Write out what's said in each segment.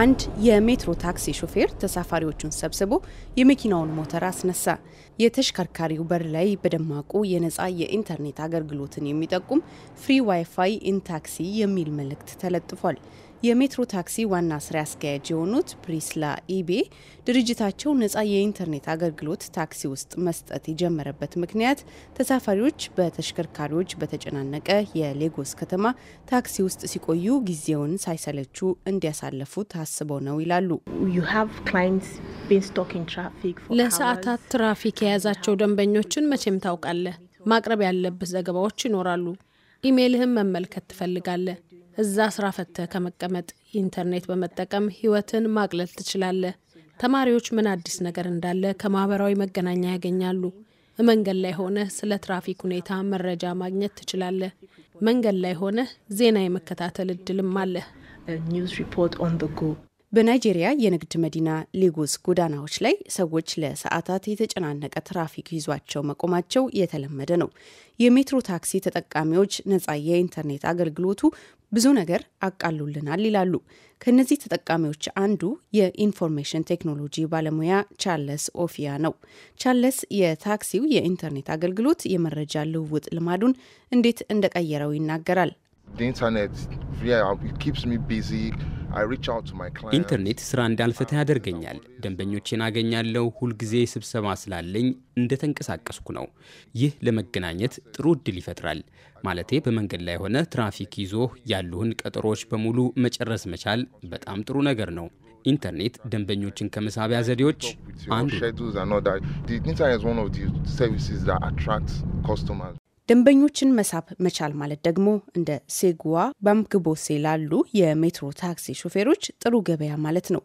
አንድ የሜትሮ ታክሲ ሾፌር ተሳፋሪዎቹን ሰብስቦ የመኪናውን ሞተር አስነሳ። የተሽከርካሪው በር ላይ በደማቁ የነፃ የኢንተርኔት አገልግሎትን የሚጠቁም ፍሪ ዋይፋይ ኢን ታክሲ የሚል መልእክት ተለጥፏል። የሜትሮ ታክሲ ዋና ስራ አስኪያጅ የሆኑት ፕሪስላ ኢቤ ድርጅታቸው ነጻ የኢንተርኔት አገልግሎት ታክሲ ውስጥ መስጠት የጀመረበት ምክንያት ተሳፋሪዎች በተሽከርካሪዎች በተጨናነቀ የሌጎስ ከተማ ታክሲ ውስጥ ሲቆዩ ጊዜውን ሳይሰለቹ እንዲያሳለፉ ታስበው ነው ይላሉ። ለሰዓታት ትራፊክ የያዛቸው ደንበኞችን መቼም ታውቃለህ። ማቅረብ ያለብህ ዘገባዎች ይኖራሉ። ኢሜይልህን መመልከት ትፈልጋለህ። እዛ ስራ ፈተ ከመቀመጥ ኢንተርኔት በመጠቀም ህይወትን ማቅለል ትችላለ። ተማሪዎች ምን አዲስ ነገር እንዳለ ከማህበራዊ መገናኛ ያገኛሉ። መንገድ ላይ ሆነህ ስለ ትራፊክ ሁኔታ መረጃ ማግኘት ትችላለህ። መንገድ ላይ ሆነህ ዜና የመከታተል እድልም አለ በናይጄሪያ የንግድ መዲና ሌጎስ ጎዳናዎች ላይ ሰዎች ለሰዓታት የተጨናነቀ ትራፊክ ይዟቸው መቆማቸው የተለመደ ነው። የሜትሮ ታክሲ ተጠቃሚዎች ነጻ የኢንተርኔት አገልግሎቱ ብዙ ነገር አቃሉልናል ይላሉ። ከነዚህ ተጠቃሚዎች አንዱ የኢንፎርሜሽን ቴክኖሎጂ ባለሙያ ቻርለስ ኦፊያ ነው። ቻርለስ የታክሲው የኢንተርኔት አገልግሎት የመረጃ ልውውጥ ልማዱን እንዴት እንደቀየረው ይናገራል። ኢንተርኔት ኢንተርኔት ስራ እንዳልፈታ ያደርገኛል። ደንበኞቼን አገኛለሁ። ሁልጊዜ ስብሰባ ስላለኝ እንደተንቀሳቀስኩ ነው። ይህ ለመገናኘት ጥሩ እድል ይፈጥራል። ማለቴ በመንገድ ላይ ሆነ ትራፊክ ይዞ ያሉህን ቀጠሮዎች በሙሉ መጨረስ መቻል በጣም ጥሩ ነገር ነው። ኢንተርኔት ደንበኞችን ከመሳቢያ ዘዴዎች አንዱ ደንበኞችን መሳብ መቻል ማለት ደግሞ እንደ ሴጉዋ ባምግቦሴ ላሉ የሜትሮ ታክሲ ሾፌሮች ጥሩ ገበያ ማለት ነው።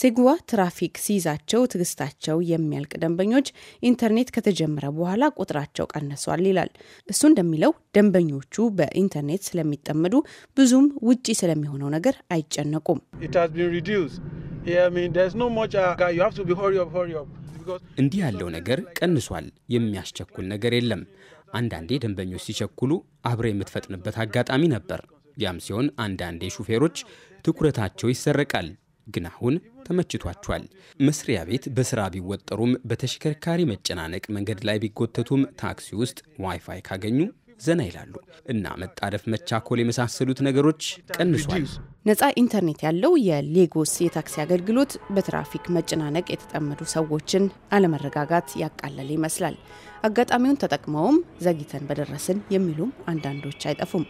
ሴጉዋ ትራፊክ ሲይዛቸው ትዕግስታቸው የሚያልቅ ደንበኞች ኢንተርኔት ከተጀመረ በኋላ ቁጥራቸው ቀንሷል ይላል። እሱ እንደሚለው ደንበኞቹ በኢንተርኔት ስለሚጠመዱ ብዙም ውጪ ስለሚሆነው ነገር አይጨነቁም። እንዲህ ያለው ነገር ቀንሷል። የሚያስቸኩል ነገር የለም። አንዳንዴ ደንበኞች ሲቸኩሉ አብረ የምትፈጥንበት አጋጣሚ ነበር። ያም ሲሆን አንዳንዴ ሹፌሮች ትኩረታቸው ይሰረቃል። ግን አሁን ተመችቷቸዋል። መስሪያ ቤት በስራ ቢወጠሩም በተሽከርካሪ መጨናነቅ መንገድ ላይ ቢጎተቱም ታክሲ ውስጥ ዋይፋይ ካገኙ ዘና ይላሉ እና መጣደፍ፣ መቻኮል የመሳሰሉት ነገሮች ቀንሷል። ነፃ ኢንተርኔት ያለው የሌጎስ የታክሲ አገልግሎት በትራፊክ መጨናነቅ የተጠመዱ ሰዎችን አለመረጋጋት ያቃለለ ይመስላል። አጋጣሚውን ተጠቅመውም ዘግይተን በደረስን የሚሉም አንዳንዶች አይጠፉም።